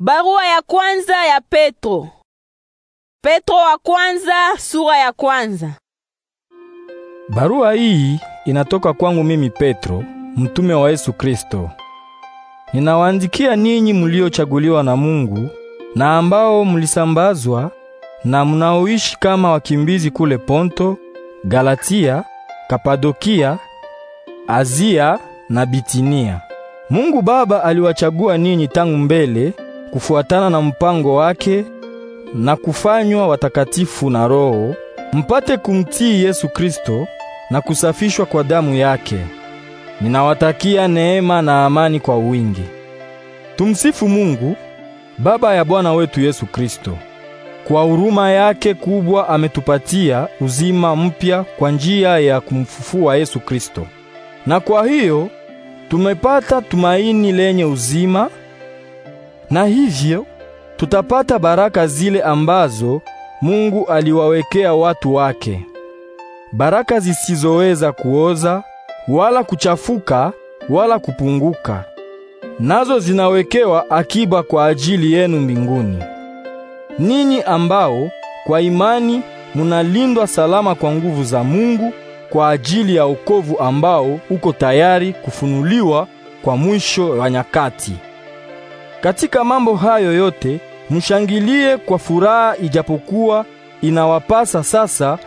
Barua ya kwanza ya Petro. Petro wa kwanza sura ya kwanza. Barua hii inatoka kwangu mimi Petro, mtume wa Yesu Kristo. Ninawaandikia ninyi mliochaguliwa na Mungu na ambao mlisambazwa na mnaoishi kama wakimbizi kule Ponto, Galatia, Kapadokia, Azia na Bitinia. Mungu Baba aliwachagua ninyi tangu mbele kufuatana na mpango wake na kufanywa watakatifu na Roho, mpate kumtii Yesu Kristo na kusafishwa kwa damu yake. Ninawatakia neema na amani kwa wingi. Tumsifu Mungu Baba ya Bwana wetu Yesu Kristo. Kwa huruma yake kubwa ametupatia uzima mpya kwa njia ya kumfufua Yesu Kristo. Na kwa hiyo tumepata tumaini lenye uzima na hivyo tutapata baraka zile ambazo Mungu aliwawekea watu wake, baraka zisizoweza kuoza wala kuchafuka wala kupunguka, nazo zinawekewa akiba kwa ajili yenu mbinguni, ninyi ambao kwa imani munalindwa salama kwa nguvu za Mungu kwa ajili ya wokovu ambao uko tayari kufunuliwa kwa mwisho wa nyakati. Katika mambo hayo yote mshangilie kwa furaha, ijapokuwa inawapasa sasa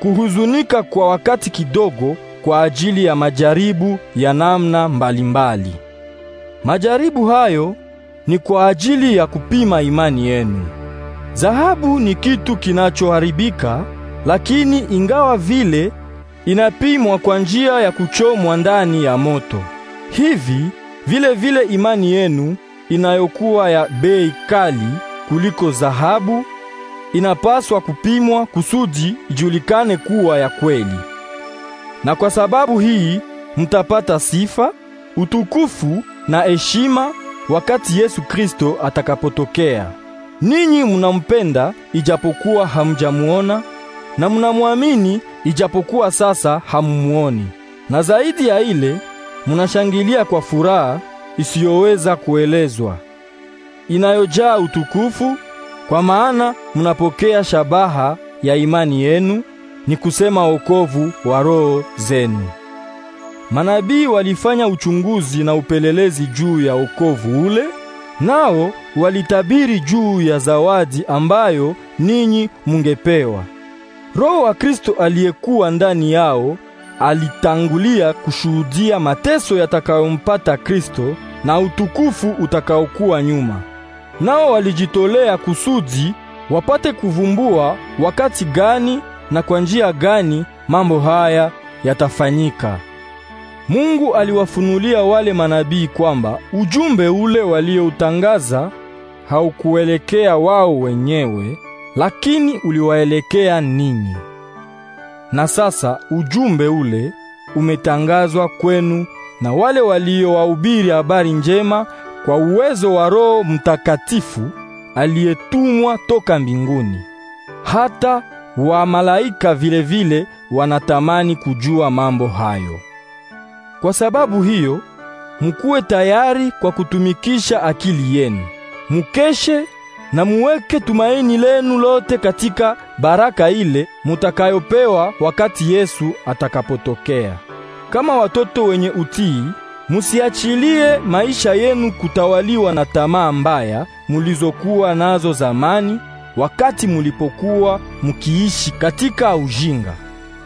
kuhuzunika kwa wakati kidogo kwa ajili ya majaribu ya namna mbalimbali mbali. Majaribu hayo ni kwa ajili ya kupima imani yenu. Dhahabu ni kitu kinachoharibika, lakini ingawa vile inapimwa kwa njia ya kuchomwa ndani ya moto. Hivi vile vile imani yenu inayokuwa ya bei kali kuliko dhahabu inapaswa kupimwa kusudi ijulikane kuwa ya kweli. Na kwa sababu hii mtapata sifa, utukufu na heshima wakati Yesu Kristo atakapotokea. Ninyi munampenda ijapokuwa hamjamuona na munamwamini ijapokuwa sasa hammuoni. Na zaidi ya ile munashangilia kwa furaha isiyoweza kuelezwa, inayojaa utukufu, kwa maana mnapokea shabaha ya imani yenu, ni kusema wokovu wa roho zenu. Manabii walifanya uchunguzi na upelelezi juu ya wokovu ule, nao walitabiri juu ya zawadi ambayo ninyi mungepewa. Roho wa Kristo aliyekuwa ndani yao alitangulia kushuhudia mateso yatakayompata Kristo na utukufu utakaokuwa nyuma. Nao walijitolea kusudi wapate kuvumbua wakati gani na kwa njia gani mambo haya yatafanyika. Mungu aliwafunulia wale manabii kwamba ujumbe ule walioutangaza haukuelekea wao wenyewe, lakini uliwaelekea ninyi. Na sasa ujumbe ule umetangazwa kwenu na wale waliowahubiri habari njema kwa uwezo wa Roho Mtakatifu aliyetumwa toka mbinguni. Hata wa malaika vilevile wanatamani kujua mambo hayo. Kwa sababu hiyo, mkuwe tayari kwa kutumikisha akili yenu, mukeshe na muweke tumaini lenu lote katika baraka ile mutakayopewa wakati Yesu atakapotokea. Kama watoto wenye utii, musiachilie maisha yenu kutawaliwa na tamaa mbaya mulizokuwa nazo zamani wakati mulipokuwa mukiishi katika ujinga.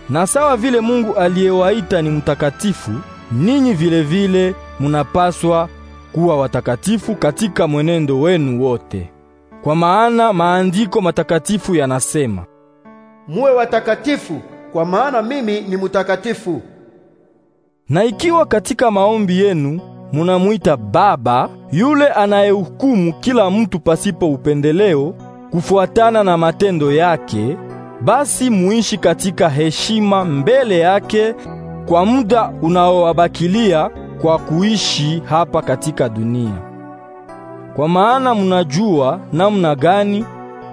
Na sawa vile Mungu aliyewaita ni mtakatifu, ninyi vile vile munapaswa kuwa watakatifu katika mwenendo wenu wote. Kwa maana maandiko matakatifu yanasema, muwe watakatifu kwa maana mimi ni mutakatifu. Na ikiwa katika maombi yenu munamwita Baba yule anayehukumu kila mtu pasipo upendeleo kufuatana na matendo yake, basi muishi katika heshima mbele yake kwa muda unaowabakilia kwa kuishi hapa katika dunia. Kwa maana munajua namna gani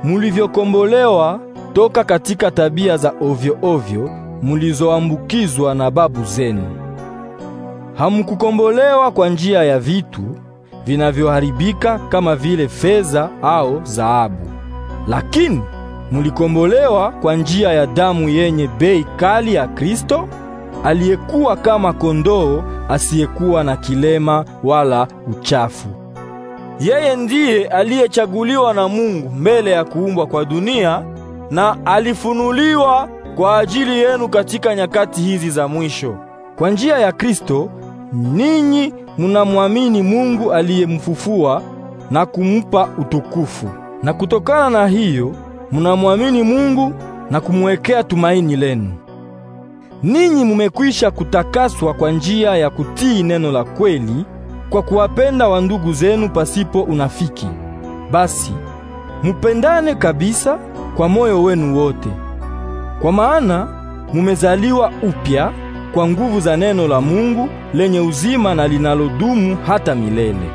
mulivyokombolewa toka katika tabia za ovyo ovyo mulizoambukizwa na babu zenu. Hamkukombolewa kwa njia ya vitu vinavyoharibika kama vile fedha au dhahabu, lakini mulikombolewa kwa njia ya damu yenye bei kali ya Kristo aliyekuwa kama kondoo asiyekuwa na kilema wala uchafu. Yeye ndiye aliyechaguliwa na Mungu mbele ya kuumbwa kwa dunia na alifunuliwa kwa ajili yenu katika nyakati hizi za mwisho. Kwa njia ya Kristo ninyi munamwamini Mungu aliyemfufua na kumpa utukufu, na kutokana na hiyo munamwamini Mungu na kumwekea tumaini lenu. Ninyi mumekwisha kutakaswa kwa njia ya kutii neno la kweli kwa kuwapenda wandugu zenu pasipo unafiki. Basi mupendane kabisa kwa moyo wenu wote, kwa maana mumezaliwa upya kwa nguvu za neno la Mungu lenye uzima na linalodumu hata milele.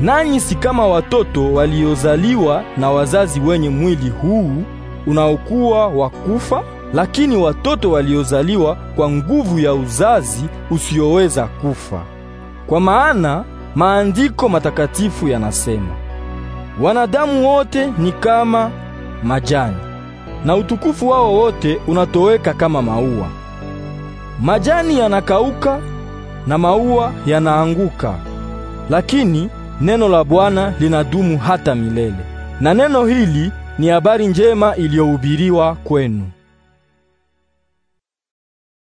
Nanyi si kama watoto waliozaliwa na wazazi wenye mwili huu unaokuwa wa kufa, lakini watoto waliozaliwa kwa nguvu ya uzazi usioweza kufa. Kwa maana maandiko matakatifu yanasema, wanadamu wote ni kama majani na utukufu wao wote unatoweka kama maua. Majani yanakauka na maua yanaanguka, lakini neno la Bwana linadumu hata milele. Na neno hili ni habari njema iliyohubiriwa kwenu.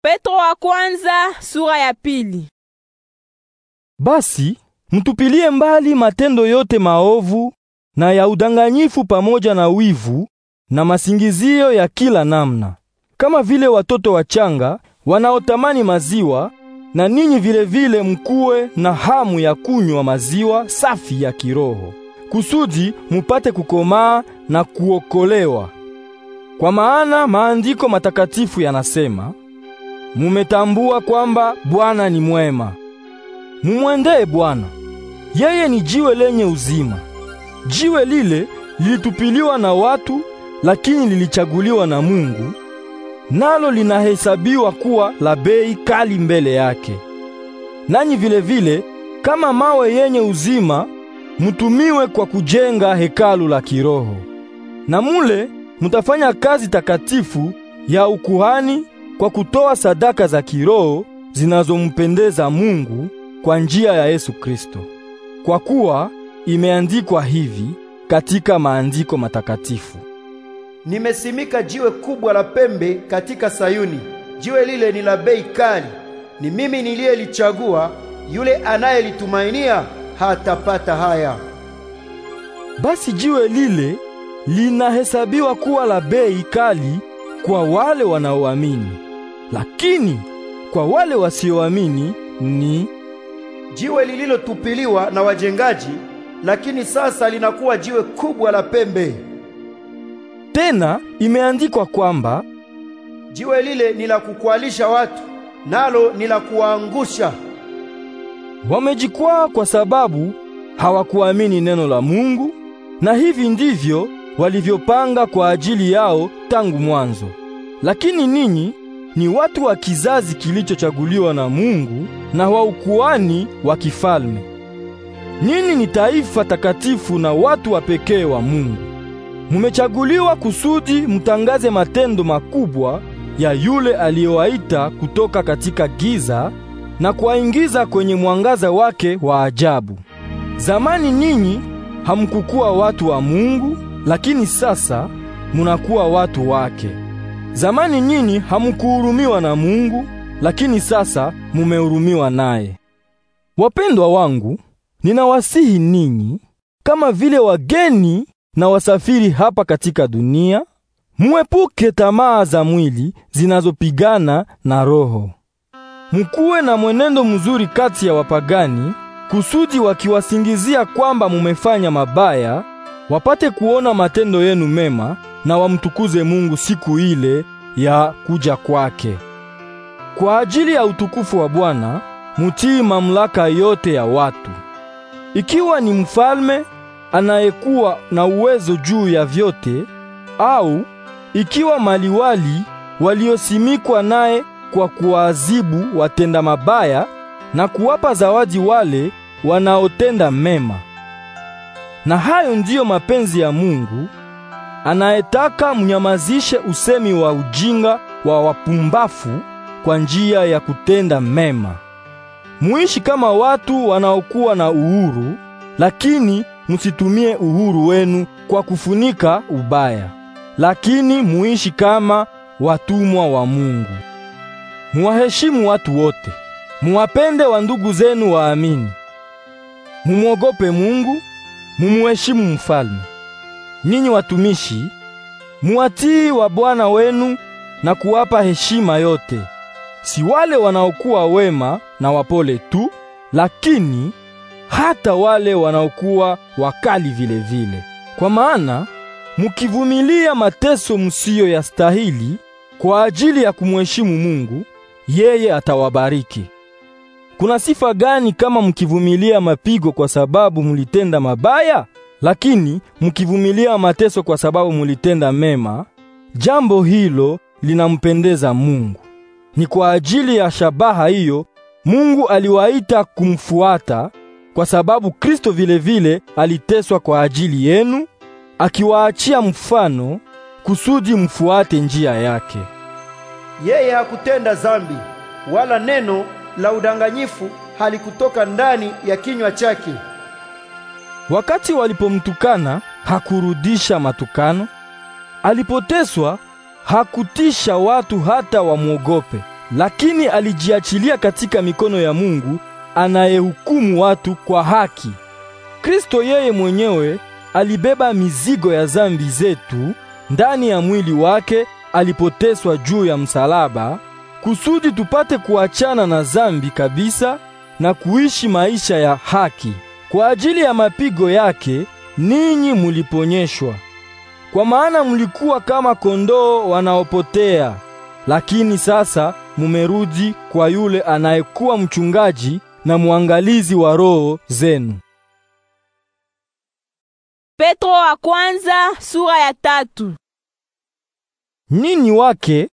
Petro wa kwanza, sura ya pili. Basi mtupilie mbali matendo yote maovu na ya udanganyifu pamoja na wivu na masingizio ya kila namna, kama vile watoto wachanga wanaotamani maziwa, na ninyi vile vile mkuwe na hamu ya kunywa maziwa safi ya kiroho, kusudi mupate kukomaa na kuokolewa. Kwa maana maandiko matakatifu yanasema, mumetambua kwamba Bwana ni mwema mumwendee Bwana. Yeye ni jiwe lenye uzima. Jiwe lile lilitupiliwa na watu, lakini lilichaguliwa na Mungu, nalo linahesabiwa kuwa la bei kali mbele yake. Nanyi vile vile kama mawe yenye uzima mutumiwe kwa kujenga hekalu la kiroho, na mule mutafanya kazi takatifu ya ukuhani kwa kutoa sadaka za kiroho zinazompendeza Mungu kwa njia ya Yesu Kristo. Kwa kuwa imeandikwa hivi katika maandiko matakatifu: Nimesimika jiwe kubwa la pembe katika Sayuni, jiwe lile ni la bei kali. Ni mimi niliyelichagua, yule anayelitumainia hatapata haya. Basi jiwe lile linahesabiwa kuwa la bei kali kwa wale wanaoamini, lakini kwa wale wasioamini ni jiwe lililotupiliwa na wajengaji, lakini sasa linakuwa jiwe kubwa la pembe. Tena imeandikwa kwamba jiwe lile ni la kukwalisha watu, nalo ni la kuwaangusha. Wamejikwaa kwa sababu hawakuamini neno la Mungu, na hivi ndivyo walivyopanga kwa ajili yao tangu mwanzo. Lakini ninyi ni watu wa kizazi kilichochaguliwa na Mungu na wa ukuani wa kifalme. Ninyi ni taifa takatifu na watu wa pekee wa Mungu. Mumechaguliwa kusudi mtangaze matendo makubwa ya yule aliyowaita kutoka katika giza na kuwaingiza kwenye mwangaza wake wa ajabu. Zamani ninyi hamkukuwa watu wa Mungu, lakini sasa munakuwa watu wake. Zamani nyinyi hamukuhurumiwa na Mungu, lakini sasa mumehurumiwa naye. Wapendwa wangu, ninawasihi ninyi kama vile wageni na wasafiri hapa katika dunia, muepuke tamaa za mwili zinazopigana na roho. Mkuwe na mwenendo mzuri kati ya wapagani, kusudi wakiwasingizia kwamba mumefanya mabaya wapate kuona matendo yenu mema na wamtukuze Mungu siku ile ya kuja kwake. Kwa ajili ya utukufu wa Bwana, mutii mamlaka yote ya watu. Ikiwa ni mfalme anayekuwa na uwezo juu ya vyote au ikiwa maliwali waliosimikwa naye kwa kuwaadhibu watenda mabaya na kuwapa zawadi wale wanaotenda mema. Na hayo ndiyo mapenzi ya Mungu anayetaka mnyamazishe usemi wa ujinga wa wapumbafu kwa njia ya kutenda mema. Muishi kama watu wanaokuwa na uhuru, lakini msitumie uhuru wenu kwa kufunika ubaya, lakini muishi kama watumwa wa Mungu. Muwaheshimu watu wote, muwapende wa ndugu zenu waamini, mumwogope Mungu mumuheshimu mfalme. Ninyi watumishi, muwatii wa bwana wenu na kuwapa heshima yote, si wale wanaokuwa wema na wapole tu, lakini hata wale wanaokuwa wakali vile vile. Kwa maana mukivumilia mateso musiyo yastahili kwa ajili ya kumheshimu Mungu, yeye atawabariki. Kuna sifa gani kama mkivumilia mapigo kwa sababu mulitenda mabaya? Lakini mkivumilia mateso kwa sababu mulitenda mema, jambo hilo linampendeza Mungu. Ni kwa ajili ya shabaha hiyo Mungu aliwaita kumfuata, kwa sababu Kristo vilevile aliteswa kwa ajili yenu, akiwaachia mfano kusudi mfuate njia yake. Yeye hakutenda zambi wala neno la udanganyifu halikutoka ndani ya kinywa chake. Wakati walipomtukana hakurudisha matukano, alipoteswa hakutisha watu hata wamwogope, lakini alijiachilia katika mikono ya Mungu anayehukumu watu kwa haki. Kristo yeye mwenyewe alibeba mizigo ya zambi zetu ndani ya mwili wake alipoteswa juu ya msalaba kusudi tupate kuachana na zambi kabisa na kuishi maisha ya haki. Kwa ajili ya mapigo yake ninyi muliponyeshwa, kwa maana mulikuwa kama kondoo wanaopotea, lakini sasa mumerudi kwa yule anayekuwa mchungaji na mwangalizi wa roho zenu. Petro wa kwanza sura ya tatu. Nini wake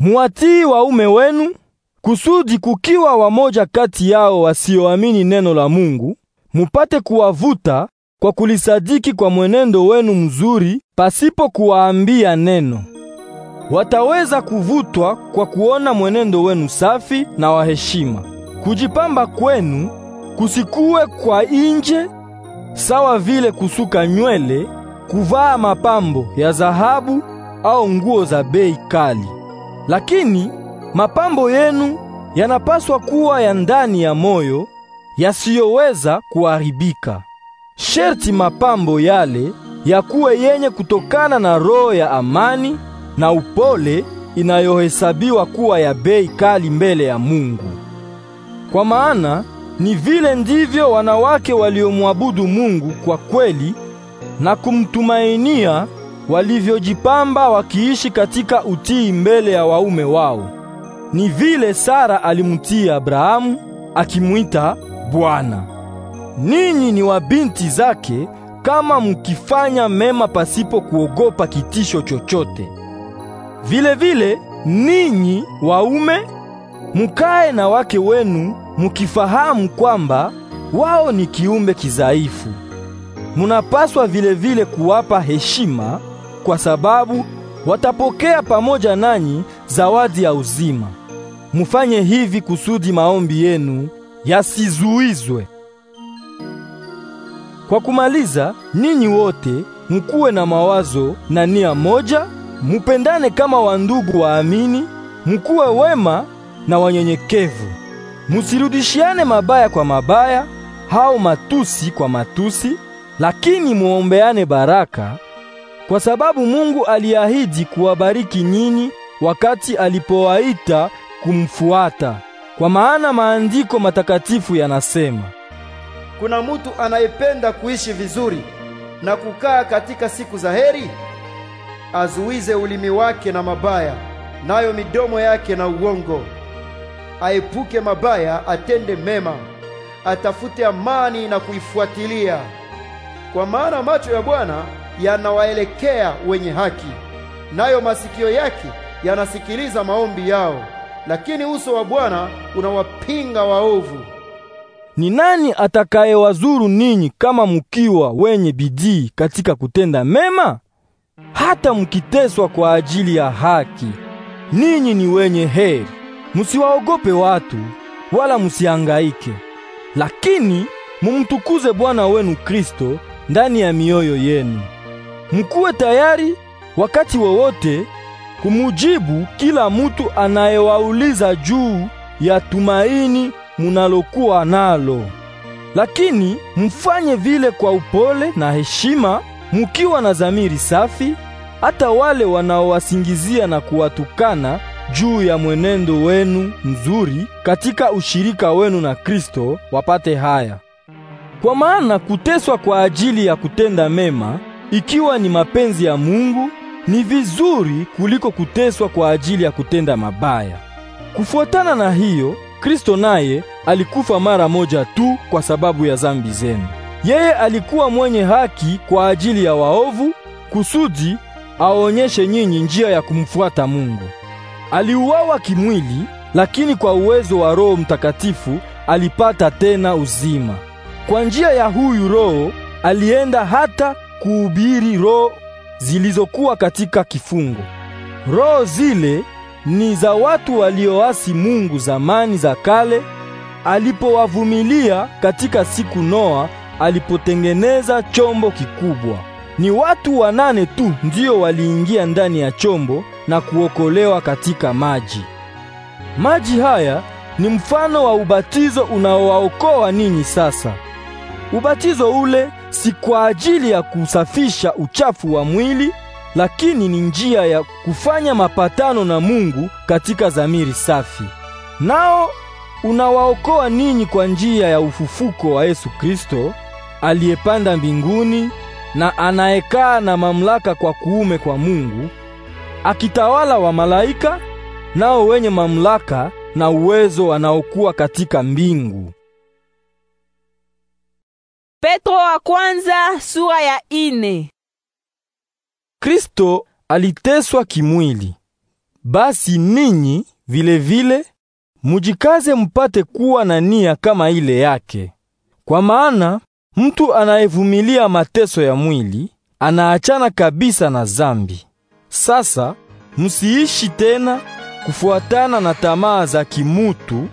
muwatii waume wenu kusudi kukiwa wamoja kati yao wasioamini neno la Mungu, mupate kuwavuta kwa kulisadiki kwa mwenendo wenu mzuri pasipo kuwaambia neno. Wataweza kuvutwa kwa kuona mwenendo wenu safi na wa heshima. Kujipamba kwenu kusikue kwa nje sawa vile kusuka nywele, kuvaa mapambo ya dhahabu au nguo za bei kali. Lakini mapambo yenu yanapaswa kuwa ya ndani ya moyo, yasiyoweza kuharibika. Sherti mapambo yale yakuwe yenye kutokana na roho ya amani na upole inayohesabiwa kuwa ya bei kali mbele ya Mungu. Kwa maana ni vile ndivyo wanawake waliomwabudu Mungu kwa kweli na kumtumainia walivyojipamba wakiishi katika utii mbele ya waume wao. Ni vile Sara alimtii Abrahamu akimwita Bwana. Ninyi ni wabinti zake kama mkifanya mema pasipo kuogopa kitisho chochote. Vile vile ninyi waume mukae na wake wenu mukifahamu kwamba wao ni kiumbe kizaifu. Munapaswa vile vile kuwapa heshima kwa sababu watapokea pamoja nanyi zawadi ya uzima. Mufanye hivi kusudi maombi yenu yasizuizwe. Kwa kumaliza, ninyi wote mukuwe na mawazo na nia moja, mupendane kama wandugu waamini, mukuwe wema na wanyenyekevu. Musirudishiane mabaya kwa mabaya, hao matusi kwa matusi, lakini muombeane baraka kwa sababu Mungu aliahidi kuwabariki nyinyi wakati alipowaita kumfuata. Kwa maana maandiko matakatifu yanasema, kuna mutu anayependa kuishi vizuri na kukaa katika siku za heri, azuize ulimi wake na mabaya, nayo midomo yake na uongo. Aepuke mabaya, atende mema, atafute amani na kuifuatilia, kwa maana macho ya Bwana yanawaelekea wenye haki, nayo masikio yake yanasikiliza maombi yao, lakini uso wa Bwana unawapinga waovu. Ni nani atakayewazuru ninyi kama mkiwa wenye bidii katika kutenda mema? Hata mkiteswa kwa ajili ya haki, ninyi ni wenye heri. Musiwaogope watu wala musiangaike, lakini mumtukuze Bwana wenu Kristo ndani ya mioyo yenu. Mkuwe tayari wakati wowote kumujibu kila mutu anayewauliza juu ya tumaini munalokuwa nalo, lakini mfanye vile kwa upole na heshima, mukiwa na zamiri safi, hata wale wanaowasingizia na kuwatukana juu ya mwenendo wenu mzuri katika ushirika wenu na Kristo wapate haya. Kwa maana kuteswa kwa ajili ya kutenda mema ikiwa ni mapenzi ya Mungu, ni vizuri kuliko kuteswa kwa ajili ya kutenda mabaya. Kufuatana na hiyo, Kristo naye alikufa mara moja tu kwa sababu ya zambi zenu. Yeye alikuwa mwenye haki kwa ajili ya waovu, kusudi aonyeshe nyinyi njia ya kumfuata Mungu. Aliuawa kimwili, lakini kwa uwezo wa Roho Mtakatifu alipata tena uzima. Kwa njia ya huyu Roho alienda hata kuhubiri roho zilizokuwa katika kifungo. Roho zile ni za watu walioasi Mungu zamani za kale, alipowavumilia katika siku Noa alipotengeneza chombo kikubwa. Ni watu wanane tu ndio waliingia ndani ya chombo na kuokolewa katika maji. Maji haya ni mfano wa ubatizo unaowaokoa ninyi sasa. Ubatizo ule si kwa ajili ya kusafisha uchafu wa mwili, lakini ni njia ya kufanya mapatano na Mungu katika dhamiri safi. Nao unawaokoa ninyi kwa njia ya ufufuko wa Yesu Kristo aliyepanda mbinguni na anayekaa na mamlaka kwa kuume kwa Mungu, akitawala wa malaika nao wenye mamlaka na uwezo wanaokuwa katika mbingu. Petro wa kwanza sura ya ine. Kristo aliteswa kimwili. Basi ninyi vile vile mujikaze mpate kuwa na nia kama ile yake. Kwa maana mtu anayevumilia mateso ya mwili anaachana kabisa na zambi. Sasa msiishi tena kufuatana na tamaa za kimutu,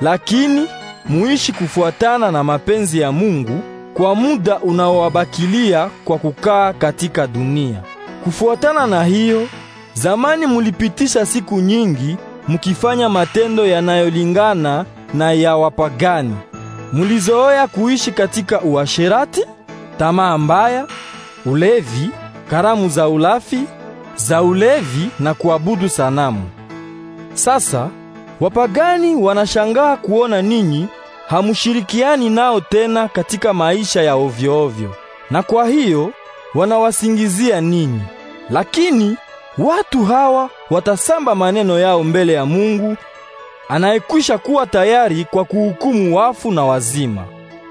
lakini muishi kufuatana na mapenzi ya Mungu kwa muda unaowabakilia kwa kukaa katika dunia. Kufuatana na hiyo, zamani mulipitisha siku nyingi mukifanya matendo yanayolingana na ya wapagani. Mulizoea kuishi katika uasherati, tamaa mbaya, ulevi, karamu za ulafi, za ulevi na kuabudu sanamu. Sasa wapagani wanashangaa kuona ninyi hamshirikiani nao tena katika maisha ya ovyoovyo ovyo. Na kwa hiyo wanawasingizia ninyi. Lakini watu hawa watasamba maneno yao mbele ya Mungu anayekwisha kuwa tayari kwa kuhukumu wafu na wazima.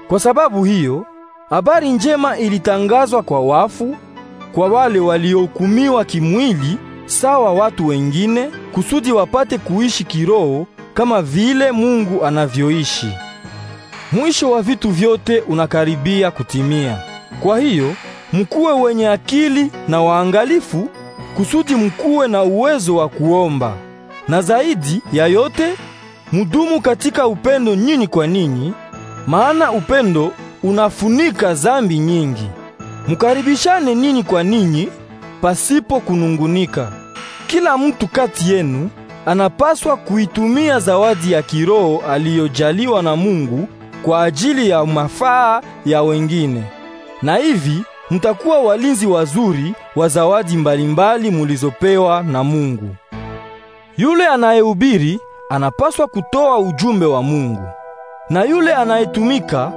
Kwa sababu hiyo, habari njema ilitangazwa kwa wafu, kwa wale waliohukumiwa kimwili sawa watu wengine, kusudi wapate kuishi kiroho kama vile Mungu anavyoishi. Mwisho wa vitu vyote unakaribia kutimia. Kwa hiyo mkuwe wenye akili na waangalifu, kusudi mkuwe na uwezo wa kuomba. Na zaidi ya yote, mudumu katika upendo nyinyi kwa ninyi, maana upendo unafunika zambi nyingi. Mkaribishane ninyi kwa ninyi pasipo kunungunika. Kila mtu kati yenu anapaswa kuitumia zawadi ya kiroho aliyojaliwa na Mungu kwa ajili ya mafaa ya wengine, na hivi mtakuwa walinzi wazuri wa zawadi mbalimbali mulizopewa na Mungu. Yule anayehubiri anapaswa kutoa ujumbe wa Mungu, na yule anayetumika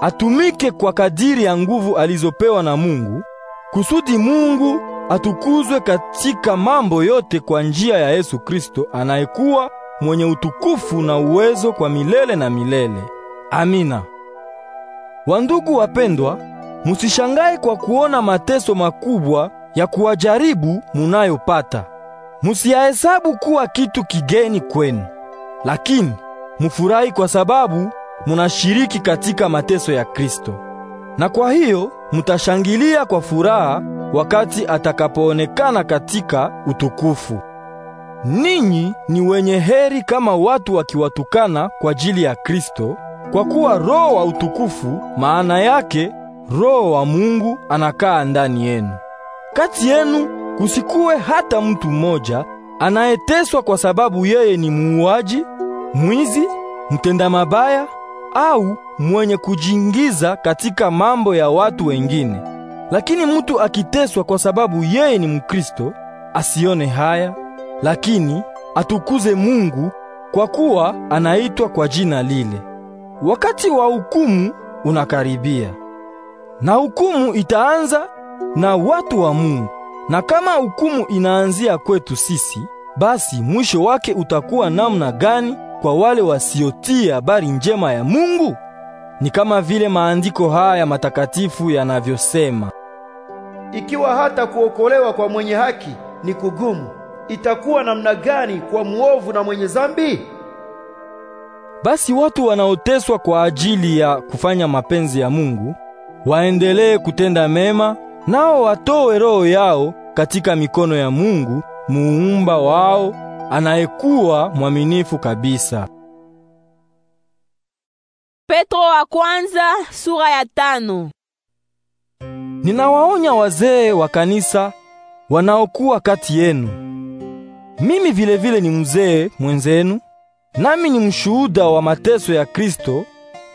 atumike kwa kadiri ya nguvu alizopewa na Mungu, kusudi Mungu atukuzwe katika mambo yote kwa njia ya Yesu Kristo anayekuwa mwenye utukufu na uwezo kwa milele na milele. Amina. Wandugu wapendwa, musishangae kwa kuona mateso makubwa ya kuwajaribu munayopata. Musiyahesabu kuwa kitu kigeni kwenu, lakini mufurahi kwa sababu munashiriki katika mateso ya Kristo, na kwa hiyo mutashangilia kwa furaha wakati atakapoonekana katika utukufu. Ninyi ni wenye heri kama watu wakiwatukana kwa ajili ya Kristo, kwa kuwa Roho wa utukufu, maana yake Roho wa Mungu anakaa ndani yenu. Kati yenu kusikue hata mtu mmoja anayeteswa kwa sababu yeye ni muuaji, mwizi, mtenda mabaya au mwenye kujiingiza katika mambo ya watu wengine. Lakini mtu akiteswa kwa sababu yeye ni Mkristo, asione haya, lakini atukuze Mungu kwa kuwa anaitwa kwa jina lile wakati wa hukumu unakaribia, na hukumu itaanza na watu wa Mungu. Na kama hukumu inaanzia kwetu sisi, basi mwisho wake utakuwa namna gani kwa wale wasiotii habari njema ya Mungu? Ni kama vile maandiko haya matakatifu yanavyosema, ikiwa hata kuokolewa kwa mwenye haki ni kugumu, itakuwa namna gani kwa muovu na mwenye zambi basi watu wanaoteswa kwa ajili ya kufanya mapenzi ya Mungu waendelee kutenda mema, nao watoe roho yao katika mikono ya Mungu muumba wao anayekuwa mwaminifu kabisa. Petro wa kwanza sura ya tano. Ninawaonya wazee wa kanisa wanaokuwa kati yenu. Mimi vilevile vile ni mzee mwenzenu Nami ni mshuhuda wa mateso ya Kristo,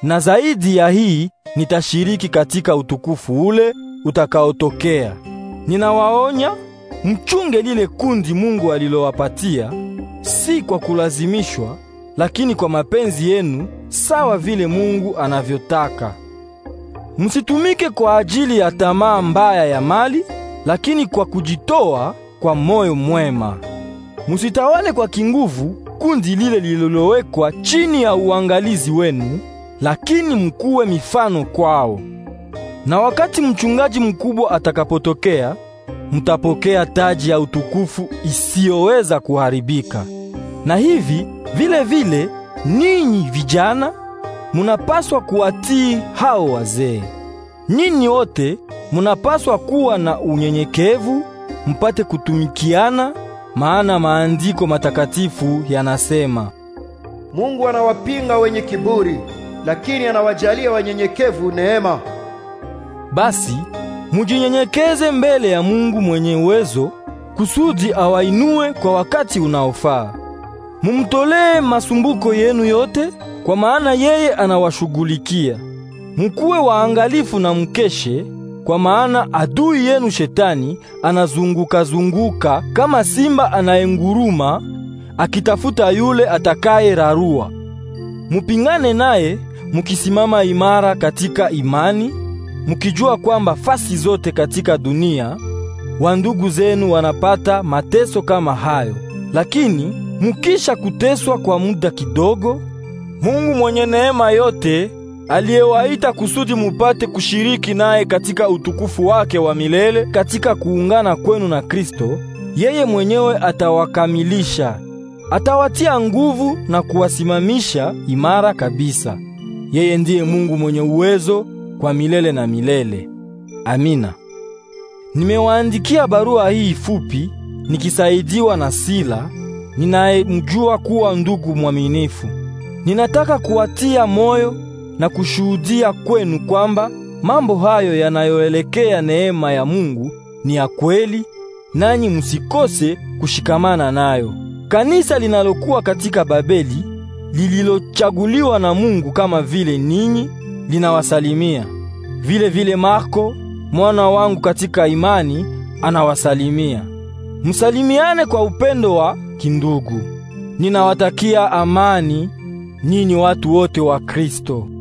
na zaidi ya hii nitashiriki katika utukufu ule utakaotokea. Ninawaonya mchunge lile kundi Mungu alilowapatia, si kwa kulazimishwa, lakini kwa mapenzi yenu, sawa vile Mungu anavyotaka. Msitumike kwa ajili ya tamaa mbaya ya mali, lakini kwa kujitoa kwa moyo mwema. Musitawale kwa kinguvu kundi lile lililowekwa chini ya uangalizi wenu, lakini mkuwe mifano kwao. Na wakati mchungaji mkubwa atakapotokea, mtapokea taji ya utukufu isiyoweza kuharibika. Na hivi vile vile ninyi vijana munapaswa kuwatii hao wazee. Ninyi wote munapaswa kuwa na unyenyekevu, mpate kutumikiana maana maandiko matakatifu yanasema, Mungu anawapinga wenye kiburi, lakini anawajalia wanyenyekevu neema. Basi mujinyenyekeze mbele ya Mungu mwenye uwezo, kusudi awainue kwa wakati unaofaa. Mumtolee masumbuko yenu yote, kwa maana yeye anawashughulikia. Mukuwe waangalifu na mkeshe kwa maana adui yenu shetani anazunguka zunguka kama simba anayenguruma akitafuta yule atakaye rarua. Mupingane naye mukisimama imara katika imani, mukijua kwamba fasi zote katika dunia wandugu zenu wanapata mateso kama hayo. Lakini mukisha kuteswa kwa muda kidogo, Mungu mwenye neema yote aliyewaita kusudi mupate kushiriki naye katika utukufu wake wa milele katika kuungana kwenu na Kristo. Yeye mwenyewe atawakamilisha, atawatia nguvu na kuwasimamisha imara kabisa. Yeye ndiye Mungu mwenye uwezo kwa milele na milele. Amina. Nimewaandikia barua hii fupi nikisaidiwa na Sila ninayemjua kuwa ndugu mwaminifu. Ninataka kuwatia moyo na kushuhudia kwenu kwamba mambo hayo yanayoelekea neema ya Mungu ni ya kweli, nanyi msikose kushikamana nayo. Kanisa linalokuwa katika Babeli lililochaguliwa na Mungu kama vile ninyi linawasalimia. Vile vile Marko mwana wangu katika imani anawasalimia. Msalimiane kwa upendo wa kindugu. Ninawatakia amani nyinyi watu wote wa Kristo.